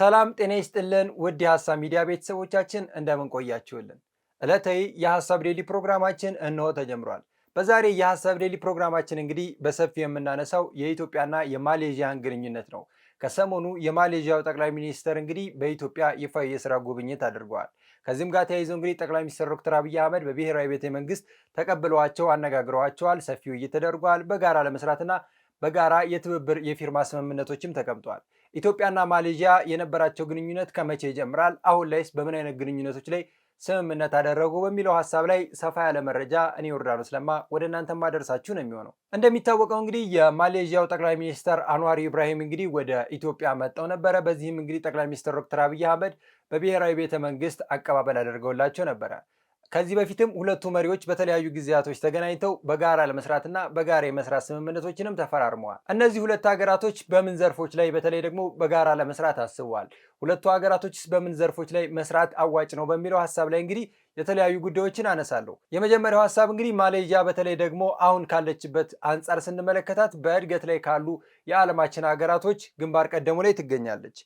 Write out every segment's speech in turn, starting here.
ሰላም ጤና ይስጥልን ውድ የሀሳብ ሚዲያ ቤተሰቦቻችን እንደምን ቆያችሁልን? ዕለታዊ የሀሳብ ዴሊ ፕሮግራማችን እንሆ ተጀምሯል። በዛሬ የሀሳብ ዴሊ ፕሮግራማችን እንግዲህ በሰፊው የምናነሳው የኢትዮጵያና የማሌዥያን ግንኙነት ነው። ከሰሞኑ የማሌዥያው ጠቅላይ ሚኒስትር እንግዲህ በኢትዮጵያ ይፋዊ የስራ ጉብኝት አድርገዋል። ከዚህም ጋር ተያይዞ እንግዲህ ጠቅላይ ሚኒስትር ዶክተር አብይ አህመድ በብሔራዊ ቤተ መንግስት ተቀብለዋቸው አነጋግረዋቸዋል። ሰፊ ውይይት ተደርጓል። በጋራ ለመስራትና በጋራ የትብብር የፊርማ ስምምነቶችም ተቀምጠዋል። ኢትዮጵያና ማሌዥያ የነበራቸው ግንኙነት ከመቼ ይጀምራል? አሁን ላይስ በምን አይነት ግንኙነቶች ላይ ስምምነት አደረጉ በሚለው ሀሳብ ላይ ሰፋ ያለ መረጃ እኔ ዮርዳኖስ ለማ ወደ እናንተ ማደርሳችሁ ነው የሚሆነው። እንደሚታወቀው እንግዲህ የማሌዥያው ጠቅላይ ሚኒስተር አንዋር ኢብራሂም እንግዲህ ወደ ኢትዮጵያ መጠው ነበረ። በዚህም እንግዲህ ጠቅላይ ሚኒስትር ዶክተር አብይ አህመድ በብሔራዊ ቤተ መንግስት አቀባበል አደርገውላቸው ነበረ። ከዚህ በፊትም ሁለቱ መሪዎች በተለያዩ ጊዜያቶች ተገናኝተው በጋራ ለመስራትና በጋራ የመስራት ስምምነቶችንም ተፈራርመዋል። እነዚህ ሁለት ሀገራቶች በምን ዘርፎች ላይ በተለይ ደግሞ በጋራ ለመስራት አስበዋል? ሁለቱ ሀገራቶችስ በምን ዘርፎች ላይ መስራት አዋጭ ነው በሚለው ሀሳብ ላይ እንግዲህ የተለያዩ ጉዳዮችን አነሳለሁ። የመጀመሪያው ሀሳብ እንግዲህ ማሌዥያ በተለይ ደግሞ አሁን ካለችበት አንጻር ስንመለከታት በእድገት ላይ ካሉ የዓለማችን ሀገራቶች ግንባር ቀደሙ ላይ ትገኛለች።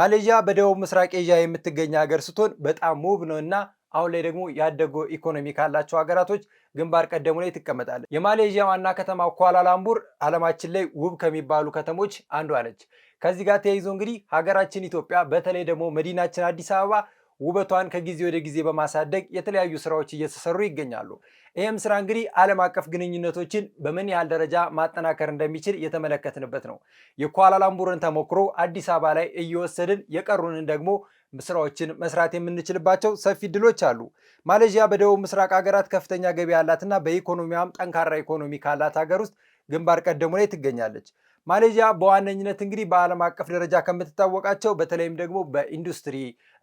ማሌዥያ በደቡብ ምስራቅ ኤዥያ የምትገኝ ሀገር ስትሆን በጣም ውብ ነው እና አሁን ላይ ደግሞ ያደገ ኢኮኖሚ ካላቸው ሀገራቶች ግንባር ቀደሙ ላይ ትቀመጣለች። የማሌዥያ ዋና ከተማ ኳላላምቡር ዓለማችን ላይ ውብ ከሚባሉ ከተሞች አንዷ ነች። ከዚህ ጋር ተያይዞ እንግዲህ ሀገራችን ኢትዮጵያ በተለይ ደግሞ መዲናችን አዲስ አበባ ውበቷን ከጊዜ ወደ ጊዜ በማሳደግ የተለያዩ ስራዎች እየተሰሩ ይገኛሉ። ይህም ስራ እንግዲህ ዓለም አቀፍ ግንኙነቶችን በምን ያህል ደረጃ ማጠናከር እንደሚችል የተመለከትንበት ነው። የኳላላምቡርን ተሞክሮ አዲስ አበባ ላይ እየወሰድን የቀሩንን ደግሞ ስራዎችን መስራት የምንችልባቸው ሰፊ ድሎች አሉ። ማሌዥያ በደቡብ ምስራቅ ሀገራት ከፍተኛ ገቢ ያላትና በኢኮኖሚዋም ጠንካራ ኢኮኖሚ ካላት ሀገር ውስጥ ግንባር ቀደሙ ላይ ትገኛለች። ማሌዥያ በዋነኝነት እንግዲህ በዓለም አቀፍ ደረጃ ከምትታወቃቸው በተለይም ደግሞ በኢንዱስትሪ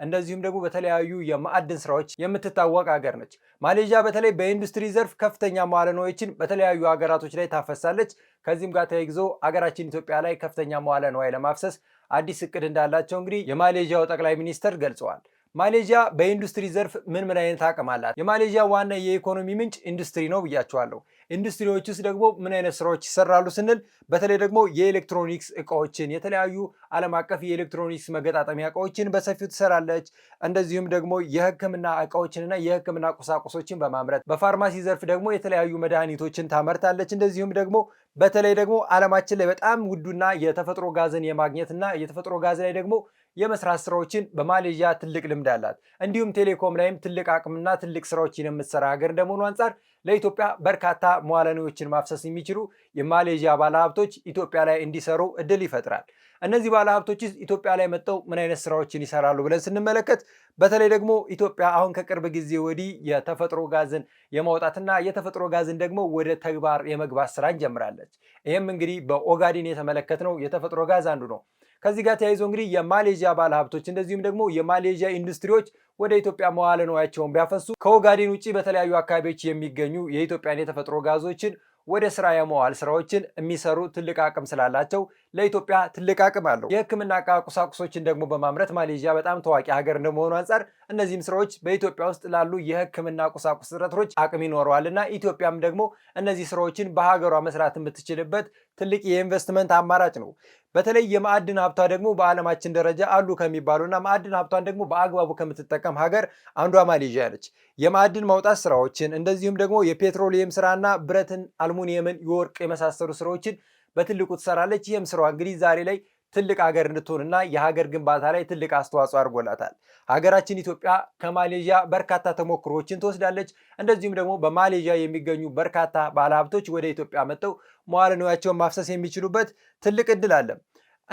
እንደዚሁም ደግሞ በተለያዩ የማዕድን ስራዎች የምትታወቅ ሀገር ነች። ማሌዥያ በተለይ በኢንዱስትሪ ዘርፍ ከፍተኛ መዋዕለ ንዋዮችን በተለያዩ ሀገራቶች ላይ ታፈሳለች። ከዚህም ጋር ተያይዞ ሀገራችን ኢትዮጵያ ላይ ከፍተኛ መዋዕለ ንዋይ ለማፍሰስ አዲስ እቅድ እንዳላቸው እንግዲህ የማሌዥያው ጠቅላይ ሚኒስትር ገልጸዋል። ማሌዥያ በኢንዱስትሪ ዘርፍ ምን ምን አይነት አቅም አላት? የማሌዥያ ዋና የኢኮኖሚ ምንጭ ኢንዱስትሪ ነው ብያቸዋለሁ። ኢንዱስትሪዎች ውስጥ ደግሞ ምን አይነት ስራዎች ይሰራሉ ስንል በተለይ ደግሞ የኤሌክትሮኒክስ እቃዎችን የተለያዩ ዓለም አቀፍ የኤሌክትሮኒክስ መገጣጠሚያ እቃዎችን በሰፊው ትሰራለች። እንደዚሁም ደግሞ የሕክምና እቃዎችንና የሕክምና ቁሳቁሶችን በማምረት በፋርማሲ ዘርፍ ደግሞ የተለያዩ መድኃኒቶችን ታመርታለች። እንደዚሁም ደግሞ በተለይ ደግሞ ዓለማችን ላይ በጣም ውዱና የተፈጥሮ ጋዝን የማግኘትና የተፈጥሮ ጋዝ ላይ ደግሞ የመስራት ስራዎችን በማሌዥያ ትልቅ ልምድ አላት። እንዲሁም ቴሌኮም ላይም ትልቅ አቅምና ትልቅ ስራዎችን የምትሰራ ሀገር እንደመሆኑ አንጻር ለኢትዮጵያ በርካታ መዋለንዎችን ማፍሰስ የሚችሉ የማሌዥያ ባለሀብቶች ኢትዮጵያ ላይ እንዲሰሩ እድል ይፈጥራል። እነዚህ ባለሀብቶች ኢትዮጵያ ላይ መጥተው ምን አይነት ስራዎችን ይሰራሉ ብለን ስንመለከት በተለይ ደግሞ ኢትዮጵያ አሁን ከቅርብ ጊዜ ወዲህ የተፈጥሮ ጋዝን የማውጣትና የተፈጥሮ ጋዝን ደግሞ ወደ ተግባር የመግባት ስራ ጀምራለች። ይህም እንግዲህ በኦጋዴን የተመለከትነው የተፈጥሮ ጋዝ አንዱ ነው። ከዚህ ጋር ተያይዞ እንግዲህ የማሌዥያ ባለሀብቶች እንደዚሁም ደግሞ የማሌዥያ ኢንዱስትሪዎች ወደ ኢትዮጵያ መዋለ ንዋያቸውን ቢያፈሱ ከኦጋዴን ውጭ በተለያዩ አካባቢዎች የሚገኙ የኢትዮጵያን የተፈጥሮ ጋዞችን ወደ ስራ የመዋል ስራዎችን የሚሰሩ ትልቅ አቅም ስላላቸው ለኢትዮጵያ ትልቅ አቅም አለው። የህክምና እቃ ቁሳቁሶችን ደግሞ በማምረት ማሌዥያ በጣም ታዋቂ ሀገር እንደመሆኑ አንጻር እነዚህም ስራዎች በኢትዮጵያ ውስጥ ላሉ የህክምና ቁሳቁስ እጥረቶች አቅም ይኖረዋል እና ኢትዮጵያም ደግሞ እነዚህ ስራዎችን በሀገሯ መስራት የምትችልበት ትልቅ የኢንቨስትመንት አማራጭ ነው። በተለይ የማዕድን ሀብቷ ደግሞ በዓለማችን ደረጃ አሉ ከሚባሉና ማዕድን ሀብቷን ደግሞ በአግባቡ ከምትጠቀም ሀገር አንዷ ማሌዥያ ነች። የማዕድን ማውጣት ስራዎችን እንደዚሁም ደግሞ የፔትሮሊየም ስራና ብረትን፣ አልሙኒየምን፣ የወርቅ የመሳሰሉ ስራዎችን በትልቁ ትሰራለች። ይህም ስራዋ እንግዲህ ዛሬ ላይ ትልቅ ሀገር እንድትሆንና የሀገር ግንባታ ላይ ትልቅ አስተዋጽኦ አድርጎላታል። ሀገራችን ኢትዮጵያ ከማሌዥያ በርካታ ተሞክሮዎችን ትወስዳለች። እንደዚሁም ደግሞ በማሌዥያ የሚገኙ በርካታ ባለሀብቶች ወደ ኢትዮጵያ መጥተው መዋለ ንዋያቸውን ማፍሰስ የሚችሉበት ትልቅ እድል አለ።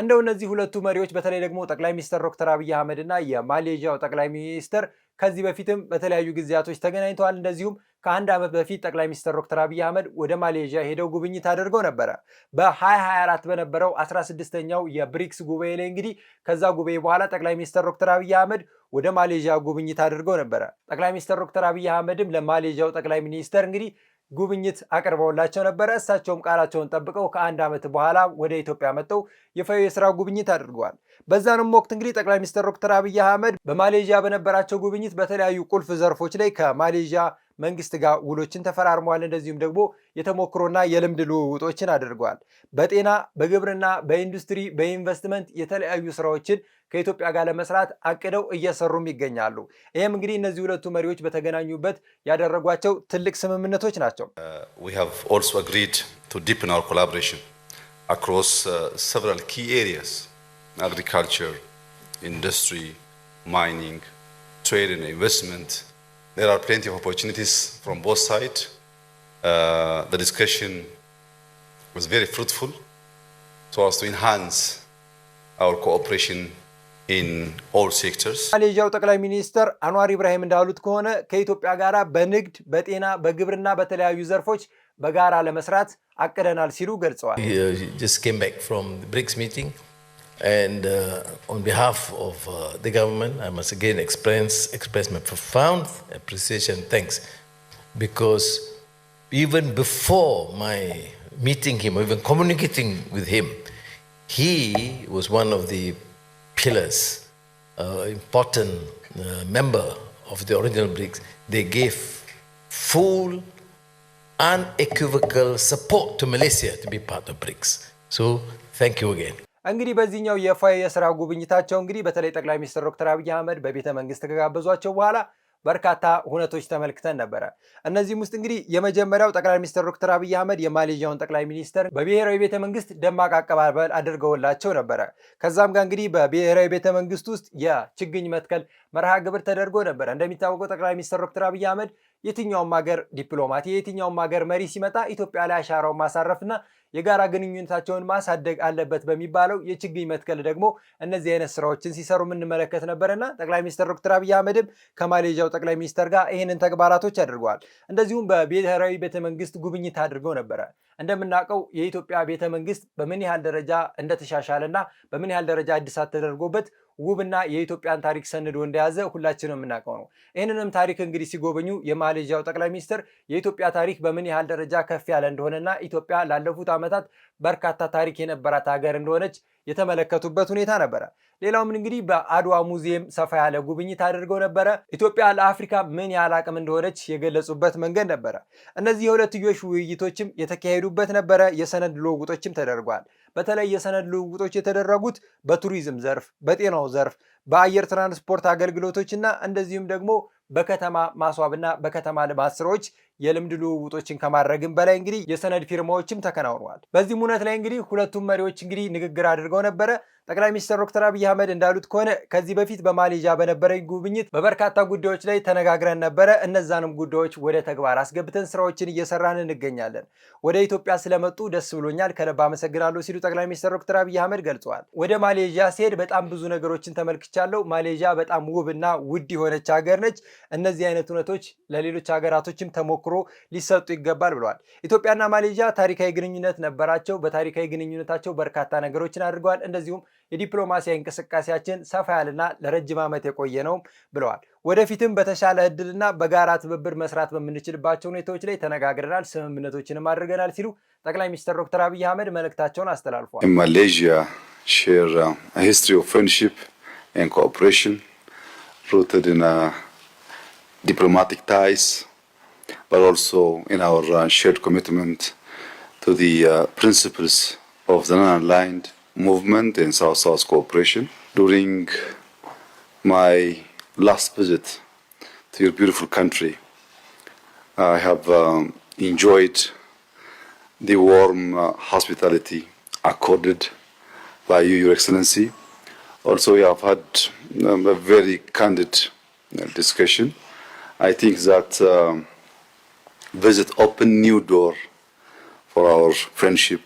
እንደው እነዚህ ሁለቱ መሪዎች በተለይ ደግሞ ጠቅላይ ሚኒስትር ዶክተር አብይ አህመድ እና የማሌዥያው ጠቅላይ ሚኒስትር ከዚህ በፊትም በተለያዩ ጊዜያቶች ተገናኝተዋል። እንደዚሁም ከአንድ ዓመት በፊት ጠቅላይ ሚኒስትር ዶክተር አብይ አህመድ ወደ ማሌዥያ ሄደው ጉብኝት አድርገው ነበረ። በ2024 በነበረው 16ኛው የብሪክስ ጉባኤ ላይ እንግዲህ ከዛ ጉባኤ በኋላ ጠቅላይ ሚኒስትር ዶክተር አብይ አህመድ ወደ ማሌዥያ ጉብኝት አድርገው ነበረ። ጠቅላይ ሚኒስትር ዶክተር አብይ አህመድም ለማሌዥያው ጠቅላይ ሚኒስትር እንግዲህ ጉብኝት አቅርበውላቸው ነበረ። እሳቸውም ቃላቸውን ጠብቀው ከአንድ ዓመት በኋላ ወደ ኢትዮጵያ መጥተው ይፋዊ የስራ ጉብኝት አድርገዋል። በዛንም ወቅት እንግዲህ ጠቅላይ ሚኒስትር ዶክተር አብይ አህመድ በማሌዥያ በነበራቸው ጉብኝት በተለያዩ ቁልፍ ዘርፎች ላይ ከማሌዥያ መንግስት ጋር ውሎችን ተፈራርመዋል። እንደዚሁም ደግሞ የተሞክሮና የልምድ ልውውጦችን አድርገዋል። በጤና፣ በግብርና፣ በኢንዱስትሪ፣ በኢንቨስትመንት የተለያዩ ስራዎችን ከኢትዮጵያ ጋር ለመስራት አቅደው እየሰሩም ይገኛሉ። ይህም እንግዲህ እነዚህ ሁለቱ መሪዎች በተገናኙበት ያደረጓቸው ትልቅ ስምምነቶች ናቸው። ኢንዱስትሪ፣ ማይኒንግ፣ ትሬድ ኢንቨስትመንት There are plenty of opportunities from both sides. Uh, the discussion was very fruitful so as to enhance our cooperation የማሌዥያው ጠቅላይ ሚኒስትር አንዋር ኢብራሂም እንዳሉት ከሆነ ከኢትዮጵያ ጋር በንግድ፣ በጤና፣ በግብርና በተለያዩ ዘርፎች በጋራ ለመስራት አቅደናል ሲሉ ገልጸዋል። And uh, on behalf of uh, the government, I must again express, express my profound appreciation, thanks, because even before my meeting him, or even communicating with him, he was one of the pillars, uh, important uh, member of the original BRICS. They gave full, unequivocal support to Malaysia to be part of BRICS. So, thank you again. እንግዲህ በዚህኛው የፋይ የስራ ጉብኝታቸው እንግዲህ በተለይ ጠቅላይ ሚኒስትር ዶክተር አብይ አህመድ በቤተ መንግስት ከጋበዟቸው በኋላ በርካታ ሁነቶች ተመልክተን ነበረ። እነዚህም ውስጥ እንግዲህ የመጀመሪያው ጠቅላይ ሚኒስትር ዶክተር አብይ አህመድ የማሌዥያውን ጠቅላይ ሚኒስትር በብሔራዊ ቤተ መንግስት ደማቅ አቀባበል አድርገውላቸው ነበረ። ከዛም ጋር እንግዲህ በብሔራዊ ቤተ መንግስት ውስጥ የችግኝ መትከል መርሃ ግብር ተደርጎ ነበር። እንደሚታወቀው ጠቅላይ ሚኒስትር ዶክተር አብይ አህመድ የትኛውም ሀገር ዲፕሎማት የትኛውም ሀገር መሪ ሲመጣ ኢትዮጵያ ላይ አሻራውን ማሳረፍና የጋራ ግንኙነታቸውን ማሳደግ አለበት በሚባለው የችግኝ መትከል ደግሞ እነዚህ አይነት ስራዎችን ሲሰሩ የምንመለከት ነበርና ጠቅላይ ሚኒስትር ዶክተር አብይ አህመድም ከማሌዥያው ጠቅላይ ሚኒስትር ጋር ይህንን ተግባራቶች አድርገዋል። እንደዚሁም በብሔራዊ ቤተመንግስት ጉብኝት አድርገው ነበረ። እንደምናውቀው የኢትዮጵያ ቤተመንግስት በምን ያህል ደረጃ እንደተሻሻለና በምን ያህል ደረጃ እድሳት ተደርጎበት ውብና የኢትዮጵያን ታሪክ ሰንዶ እንደያዘ ሁላችንም የምናውቀው ነው። ይህንንም ታሪክ እንግዲህ ሲጎበኙ የማሌዥያው ጠቅላይ ሚኒስትር የኢትዮጵያ ታሪክ በምን ያህል ደረጃ ከፍ ያለ እንደሆነና ኢትዮጵያ ላለፉት ዓመታት በርካታ ታሪክ የነበራት ሀገር እንደሆነች የተመለከቱበት ሁኔታ ነበረ። ሌላውም እንግዲህ በአድዋ ሙዚየም ሰፋ ያለ ጉብኝት አድርገው ነበረ። ኢትዮጵያ ለአፍሪካ ምን ያህል አቅም እንደሆነች የገለጹበት መንገድ ነበረ። እነዚህ የሁለትዮሽ ውይይቶችም የተካሄዱበት ነበረ። የሰነድ ልውውጦችም ተደርጓል። በተለይ የሰነድ ልውውጦች የተደረጉት በቱሪዝም ዘርፍ፣ በጤናው ዘርፍ፣ በአየር ትራንስፖርት አገልግሎቶችና እንደዚሁም ደግሞ በከተማ ማስዋብና በከተማ ልማት ስራዎች የልምድ ልውውጦችን ከማድረግም በላይ እንግዲህ የሰነድ ፊርማዎችም ተከናውነዋል። በዚህም እውነት ላይ እንግዲህ ሁለቱም መሪዎች እንግዲህ ንግግር አድርገው ነበረ። ጠቅላይ ሚኒስትር ዶክተር አብይ አህመድ እንዳሉት ከሆነ ከዚህ በፊት በማሌዥያ በነበረኝ ጉብኝት በበርካታ ጉዳዮች ላይ ተነጋግረን ነበረ። እነዛንም ጉዳዮች ወደ ተግባር አስገብተን ስራዎችን እየሰራን እንገኛለን። ወደ ኢትዮጵያ ስለመጡ ደስ ብሎኛል፣ ከልብ አመሰግናለሁ ሲሉ ጠቅላይ ሚኒስትር ዶክተር አብይ አህመድ ገልጸዋል። ወደ ማሌዥያ ሲሄድ በጣም ብዙ ነገሮችን ተመልክቻለሁ። ማሌዥያ በጣም ውብና ውድ የሆነች ሀገር ነች። እነዚህ አይነት እውነቶች ለሌሎች ሀገራቶችም ተሞክሮ ሊሰጡ ይገባል ብለዋል። ኢትዮጵያና ማሌዥያ ታሪካዊ ግንኙነት ነበራቸው። በታሪካዊ ግንኙነታቸው በርካታ ነገሮችን አድርገዋል። እንደዚሁም የዲፕሎማሲያዊ እንቅስቃሴያችን ሰፋ ያለና ለረጅም ዓመት የቆየ ነው ብለዋል። ወደፊትም በተሻለ እድልና በጋራ ትብብር መስራት በምንችልባቸው ሁኔታዎች ላይ ተነጋግረናል፣ ስምምነቶችንም አድርገናል ሲሉ ጠቅላይ ሚኒስትር ዶክተር አብይ አህመድ መልእክታቸውን አስተላልፏል። ማሌዥያ ሼር ሂስትሪ ኦፍ ፍሬንድሺፕ ኤንድ ኮኦፕሬሽን diplomatic ties, but also in our uh, shared commitment to the uh, principles of the non-aligned movement in South-South cooperation. During my last visit to your beautiful country, I have um, enjoyed the warm uh, hospitality accorded by you, Your Excellency. Also, we have had um, a very candid uh, discussion I think that um, visit opened new door for our friendship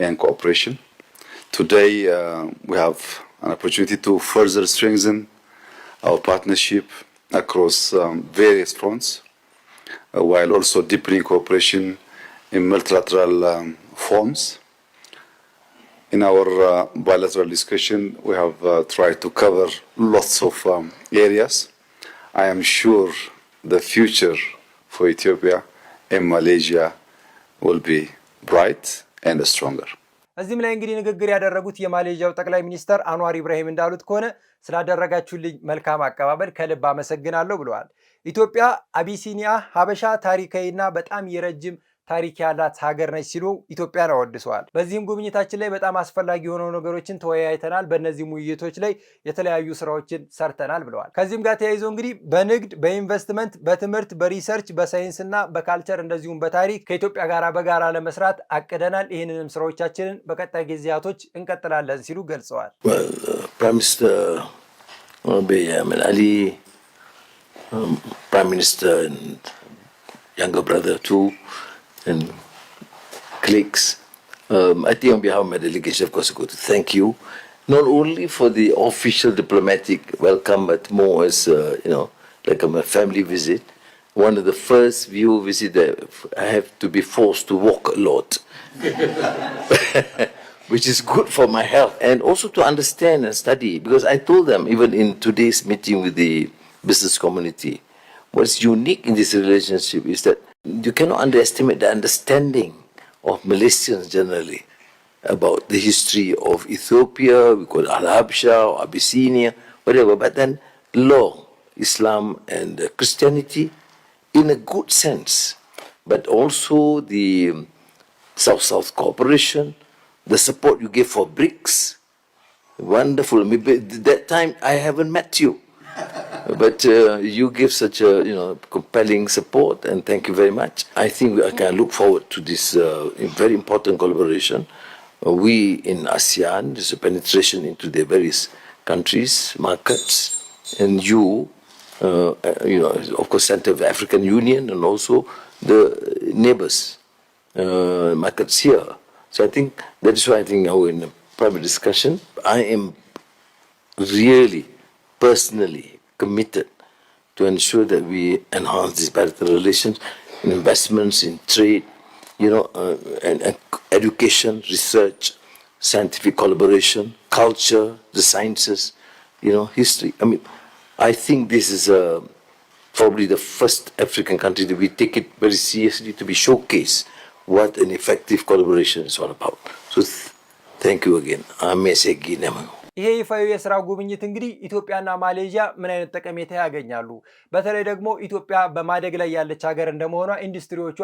and cooperation. Today uh, we have an opportunity to further strengthen our partnership across um, various fronts, uh, while also deepening cooperation in multilateral um, forms. In our uh, bilateral discussion, we have uh, tried to cover lots of um, areas I am sure the future for Ethiopia and Malaysia will be bright and stronger። እዚህም ላይ እንግዲህ ንግግር ያደረጉት የማሌዥያው ጠቅላይ ሚኒስትር አንዋር ኢብራሂም እንዳሉት ከሆነ ስላደረጋችሁልኝ መልካም አቀባበል ከልብ አመሰግናለሁ ብለዋል። ኢትዮጵያ አቢሲኒያ፣ ሀበሻ ታሪካዊና በጣም የረጅም ታሪክ ያላት ሀገር ነች ሲሉ ኢትዮጵያን አወድሰዋል። በዚህም ጉብኝታችን ላይ በጣም አስፈላጊ የሆነው ነገሮችን ተወያይተናል። በእነዚህም ውይይቶች ላይ የተለያዩ ስራዎችን ሰርተናል ብለዋል። ከዚህም ጋር ተያይዞ እንግዲህ በንግድ፣ በኢንቨስትመንት፣ በትምህርት፣ በሪሰርች፣ በሳይንስና በካልቸር እንደዚሁም በታሪክ ከኢትዮጵያ ጋር በጋራ ለመስራት አቅደናል። ይህንንም ስራዎቻችንን በቀጣይ ጊዜያቶች እንቀጥላለን ሲሉ ገልጸዋል። ፕራይም ሚኒስትር አብይ አህመድ አሊ ፕራይም ሚኒስትር ያንገ ብረዘቱ and clicks. Um, I think on behalf of my delegation, of course, I go to thank you, not only for the official diplomatic welcome, but more as, uh, you know, like a family visit. One of the first view visit that I have to be forced to walk a lot, which is good for my health and also to understand and study. Because I told them, even in today's meeting with the business community, what's unique in this relationship is that you cannot underestimate the understanding of Malaysians generally about the history of Ethiopia, we call Al Habsha or Abyssinia, whatever. But then, law, Islam, and uh, Christianity in a good sense, but also the um, South South cooperation, the support you gave for BRICS. Wonderful. Maybe that time I haven't met you. But uh, you give such a you know compelling support, and thank you very much. I think I can look forward to this uh, very important collaboration. Uh, we in ASEAN, there's a penetration into the various countries, markets, and you, uh, uh, you know, of course, Center of African Union, and also the neighbors uh, markets here. So I think that is why I think now in a private discussion, I am really personally committed to ensure that we enhance these bilateral relations in investments, in trade, you know, uh, and, education, research, scientific collaboration, culture, the sciences, you know, history. I mean, I think this is a, uh, probably the first African country that we take it very seriously to be showcased what an effective collaboration is all about. So th- thank you again. Amese Ginemago. ይሄ ይፋዊ የስራ ጉብኝት እንግዲህ ኢትዮጵያና ማሌዥያ ምን አይነት ጠቀሜታ ያገኛሉ? በተለይ ደግሞ ኢትዮጵያ በማደግ ላይ ያለች ሀገር እንደመሆኗ ኢንዱስትሪዎቿ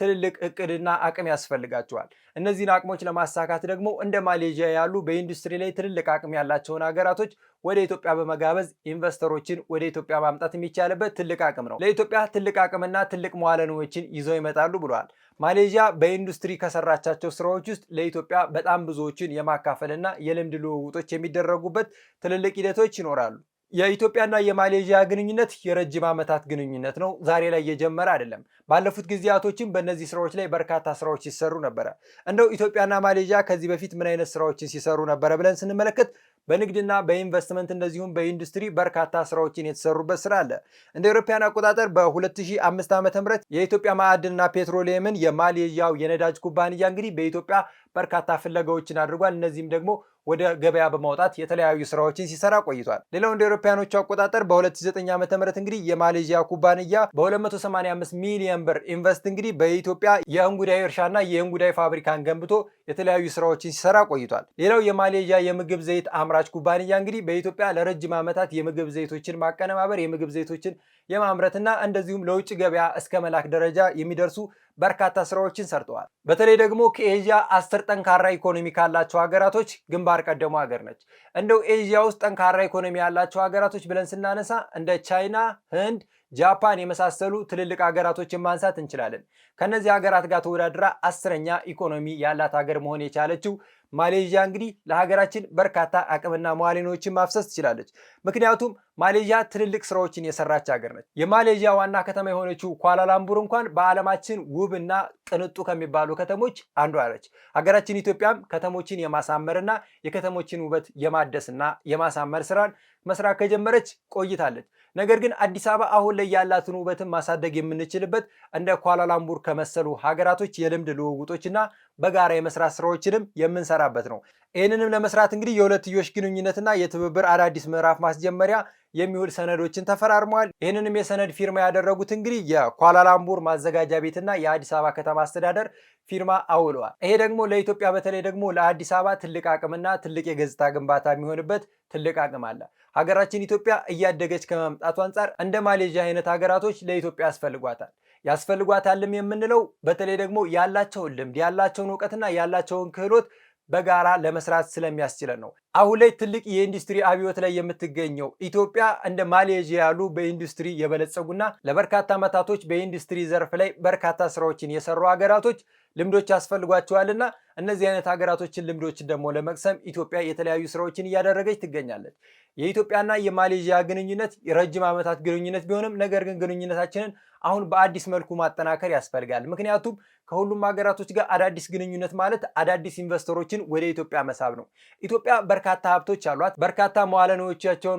ትልልቅ እቅድና አቅም ያስፈልጋቸዋል። እነዚህን አቅሞች ለማሳካት ደግሞ እንደ ማሌዥያ ያሉ በኢንዱስትሪ ላይ ትልልቅ አቅም ያላቸውን ሀገራቶች ወደ ኢትዮጵያ በመጋበዝ ኢንቨስተሮችን ወደ ኢትዮጵያ ማምጣት የሚቻልበት ትልቅ አቅም ነው። ለኢትዮጵያ ትልቅ አቅምና ትልቅ መዋለ ንዋዮችን ይዘው ይመጣሉ ብለዋል። ማሌዥያ በኢንዱስትሪ ከሰራቻቸው ስራዎች ውስጥ ለኢትዮጵያ በጣም ብዙዎችን የማካፈልና የልምድ ልውውጦች የሚደረጉበት ትልልቅ ሂደቶች ይኖራሉ። የኢትዮጵያና የማሌዥያ ግንኙነት የረጅም ዓመታት ግንኙነት ነው። ዛሬ ላይ የጀመረ አይደለም። ባለፉት ጊዜያቶችም በእነዚህ ስራዎች ላይ በርካታ ስራዎች ሲሰሩ ነበረ። እንደው ኢትዮጵያና ማሌዥያ ከዚህ በፊት ምን አይነት ስራዎችን ሲሰሩ ነበረ ብለን ስንመለከት በንግድና በኢንቨስትመንት እንደዚሁም በኢንዱስትሪ በርካታ ስራዎችን የተሰሩበት ስራ አለ። እንደ አውሮፓውያን አቆጣጠር በ2005 ዓ ም የኢትዮጵያ ማዕድንና ፔትሮሊየምን የማሌዥያው የነዳጅ ኩባንያ እንግዲህ በኢትዮጵያ በርካታ ፍለጋዎችን አድርጓል። እነዚህም ደግሞ ወደ ገበያ በማውጣት የተለያዩ ስራዎችን ሲሰራ ቆይቷል። ሌላው እንደ አውሮፓውያኖቹ አቆጣጠር በ2009 ም እንግዲህ የማሌዥያ ኩባንያ በ285 ሚሊዮን ብር ኢንቨስት እንግዲህ በኢትዮጵያ የእንጉዳይ እርሻና የእንጉዳይ ፋብሪካን ገንብቶ የተለያዩ ስራዎችን ሲሰራ ቆይቷል። ሌላው የማሌዥያ የምግብ ዘይት አምራች ኩባንያ እንግዲህ በኢትዮጵያ ለረጅም ዓመታት የምግብ ዘይቶችን ማቀነባበር፣ የምግብ ዘይቶችን የማምረትና እንደዚሁም ለውጭ ገበያ እስከ መላክ ደረጃ የሚደርሱ በርካታ ስራዎችን ሰርተዋል። በተለይ ደግሞ ከኤዥያ አስር ጠንካራ ኢኮኖሚ ካላቸው ሀገራቶች ግንባር ቀደሙ ሀገር ነች። እንደው ኤዥያ ውስጥ ጠንካራ ኢኮኖሚ ያላቸው ሀገራቶች ብለን ስናነሳ እንደ ቻይና፣ ህንድ ጃፓን የመሳሰሉ ትልልቅ ሀገራቶችን ማንሳት እንችላለን። ከነዚህ ሀገራት ጋር ተወዳድራ አስረኛ ኢኮኖሚ ያላት ሀገር መሆን የቻለችው ማሌዥያ እንግዲህ ለሀገራችን በርካታ አቅምና መዋሌኖችን ማፍሰስ ትችላለች። ምክንያቱም ማሌዥያ ትልልቅ ስራዎችን የሰራች ሀገር ነች። የማሌዥያ ዋና ከተማ የሆነችው ኳላላምቡር እንኳን በዓለማችን ውብና ቅንጡ ከሚባሉ ከተሞች አንዷ ነች። ሀገራችን ኢትዮጵያም ከተሞችን የማሳመርና የከተሞችን ውበት የማደስና የማሳመር ስራን መስራት ከጀመረች ቆይታለች። ነገር ግን አዲስ አበባ አሁን ላይ ያላትን ውበትን ማሳደግ የምንችልበት እንደ ኳላላምቡር ከመሰሉ ሀገራቶች የልምድ ልውውጦችና በጋራ የመስራት ስራዎችንም የምንሰራበት ነው። ይህንንም ለመስራት እንግዲህ የሁለትዮሽ ግንኙነትና የትብብር አዳዲስ ምዕራፍ ማስጀመሪያ የሚውል ሰነዶችን ተፈራርመዋል። ይህንንም የሰነድ ፊርማ ያደረጉት እንግዲህ የኳላላምቡር ማዘጋጃ ቤትና የአዲስ አበባ ከተማ አስተዳደር ፊርማ አውለዋል። ይሄ ደግሞ ለኢትዮጵያ በተለይ ደግሞ ለአዲስ አበባ ትልቅ አቅምና ትልቅ የገጽታ ግንባታ የሚሆንበት ትልቅ አቅም አለ። ሀገራችን ኢትዮጵያ እያደገች ከመምጣቱ አንጻር እንደ ማሌዥያ አይነት ሀገራቶች ለኢትዮጵያ ያስፈልጓታል። ያስፈልጓታልም የምንለው በተለይ ደግሞ ያላቸውን ልምድ ያላቸውን እውቀትና ያላቸውን ክህሎት በጋራ ለመስራት ስለሚያስችለን ነው። አሁን ላይ ትልቅ የኢንዱስትሪ አብዮት ላይ የምትገኘው ኢትዮጵያ እንደ ማሌዥያ ያሉ በኢንዱስትሪ የበለጸጉና ለበርካታ ዓመታቶች በኢንዱስትሪ ዘርፍ ላይ በርካታ ስራዎችን የሰሩ ሀገራቶች ልምዶች ያስፈልጓቸዋልና እነዚህ አይነት ሀገራቶችን ልምዶችን ደግሞ ለመቅሰም ኢትዮጵያ የተለያዩ ስራዎችን እያደረገች ትገኛለች። የኢትዮጵያና የማሌዥያ ግንኙነት ረጅም ዓመታት ግንኙነት ቢሆንም ነገር ግን ግንኙነታችንን አሁን በአዲስ መልኩ ማጠናከር ያስፈልጋል። ምክንያቱም ከሁሉም ሀገራቶች ጋር አዳዲስ ግንኙነት ማለት አዳዲስ ኢንቨስተሮችን ወደ ኢትዮጵያ መሳብ ነው። ኢትዮጵያ በርካታ ሀብቶች አሏት። በርካታ መዋለ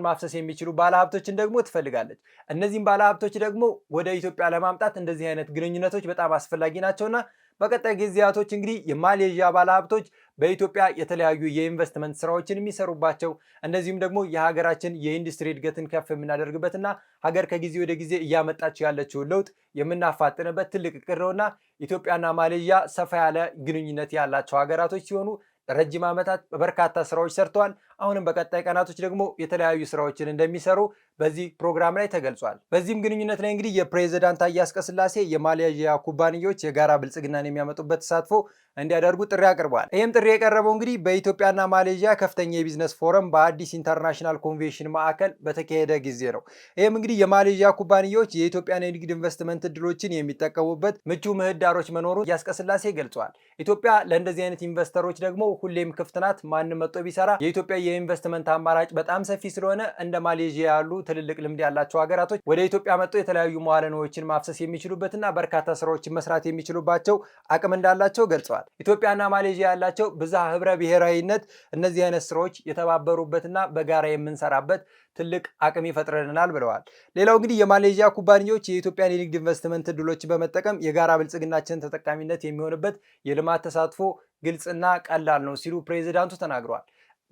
ማፍሰስ የሚችሉ ባለሀብቶችን ደግሞ ትፈልጋለች። እነዚህም ባለሀብቶች ደግሞ ወደ ኢትዮጵያ ለማምጣት እንደዚህ አይነት ግንኙነቶች በጣም አስፈላጊ ናቸውና በቀጣይ ጊዜያቶች እንግዲህ የማሌዥያ ባለሀብቶች በኢትዮጵያ የተለያዩ የኢንቨስትመንት ስራዎችን የሚሰሩባቸው እንደዚሁም ደግሞ የሀገራችን የኢንዱስትሪ እድገትን ከፍ የምናደርግበትና ሀገር ከጊዜ ወደ ጊዜ እያመጣችው ያለችውን ለውጥ የምናፋጥንበት ትልቅ እቅድ ነውና ኢትዮጵያና ማሌዥያ ሰፋ ያለ ግንኙነት ያላቸው ሀገራቶች ሲሆኑ ረጅም ዓመታት በርካታ ስራዎች ሰርተዋል። አሁንም በቀጣይ ቀናቶች ደግሞ የተለያዩ ስራዎችን እንደሚሰሩ በዚህ ፕሮግራም ላይ ተገልጿል። በዚህም ግንኙነት ላይ እንግዲህ የፕሬዚዳንት አያስቀ ስላሴ የማሌዥያ ኩባንያዎች የጋራ ብልጽግናን የሚያመጡበት ተሳትፎ እንዲያደርጉ ጥሪ አቅርበዋል። ይህም ጥሪ የቀረበው እንግዲህ በኢትዮጵያና ማሌዥያ ከፍተኛ የቢዝነስ ፎረም በአዲስ ኢንተርናሽናል ኮንቬንሽን ማዕከል በተካሄደ ጊዜ ነው። ይህም እንግዲህ የማሌዥያ ኩባንያዎች የኢትዮጵያን የንግድ ኢንቨስትመንት እድሎችን የሚጠቀሙበት ምቹ ምህዳሮች መኖሩን ስላሴ ገልጿል። ኢትዮጵያ ለእንደዚህ አይነት ኢንቨስተሮች ደግሞ ሁሌም ክፍት ናት። ማንም መጥቶ ቢሰራ የኢትዮጵያ የኢንቨስትመንት አማራጭ በጣም ሰፊ ስለሆነ እንደ ማሌዥያ ያሉ ትልልቅ ልምድ ያላቸው ሀገራቶች ወደ ኢትዮጵያ መጥተው የተለያዩ መዋለ ንዋዮችን ማፍሰስ የሚችሉበትና በርካታ ስራዎችን መስራት የሚችሉባቸው አቅም እንዳላቸው ገልጸዋል። ኢትዮጵያና ማሌዥያ ያላቸው ብዝሃ ህብረ ብሔራዊነት እነዚህ አይነት ስራዎች የተባበሩበትና በጋራ የምንሰራበት ትልቅ አቅም ይፈጥረልናል ብለዋል። ሌላው እንግዲህ የማሌዥያ ኩባንያዎች የኢትዮጵያን የንግድ ኢንቨስትመንት እድሎችን በመጠቀም የጋራ ብልጽግናችን ተጠቃሚነት የሚሆንበት የልማት ተሳትፎ ግልጽና ቀላል ነው ሲሉ ፕሬዚዳንቱ ተናግረዋል።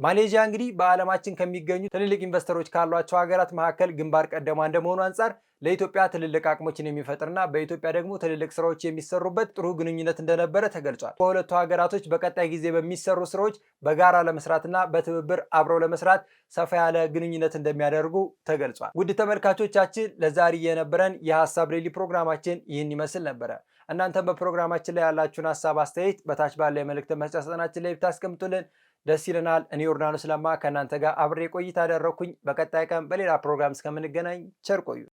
ማሌዥያ እንግዲህ በዓለማችን ከሚገኙ ትልልቅ ኢንቨስተሮች ካሏቸው ሀገራት መካከል ግንባር ቀደማ እንደመሆኑ አንጻር ለኢትዮጵያ ትልልቅ አቅሞችን የሚፈጥርና በኢትዮጵያ ደግሞ ትልልቅ ስራዎች የሚሰሩበት ጥሩ ግንኙነት እንደነበረ ተገልጿል። በሁለቱ ሀገራቶች በቀጣይ ጊዜ በሚሰሩ ስራዎች በጋራ ለመስራትና በትብብር አብረው ለመስራት ሰፋ ያለ ግንኙነት እንደሚያደርጉ ተገልጿል። ውድ ተመልካቾቻችን ለዛሬ የነበረን የሀሳብ ሌሊ ፕሮግራማችን ይህን ይመስል ነበረ። እናንተም በፕሮግራማችን ላይ ያላችሁን ሀሳብ አስተያየት በታች ባለ የመልእክት መስጫ ሳጥናችን ላይ ብታስቀምጡልን ደስ ይለናል። እኔ ዮርዳኖስ ለማ ከእናንተ ጋር አብሬ ቆይታ ያደረኩኝ። በቀጣይ ቀን በሌላ ፕሮግራም እስከምንገናኝ ቸር ቆዩ።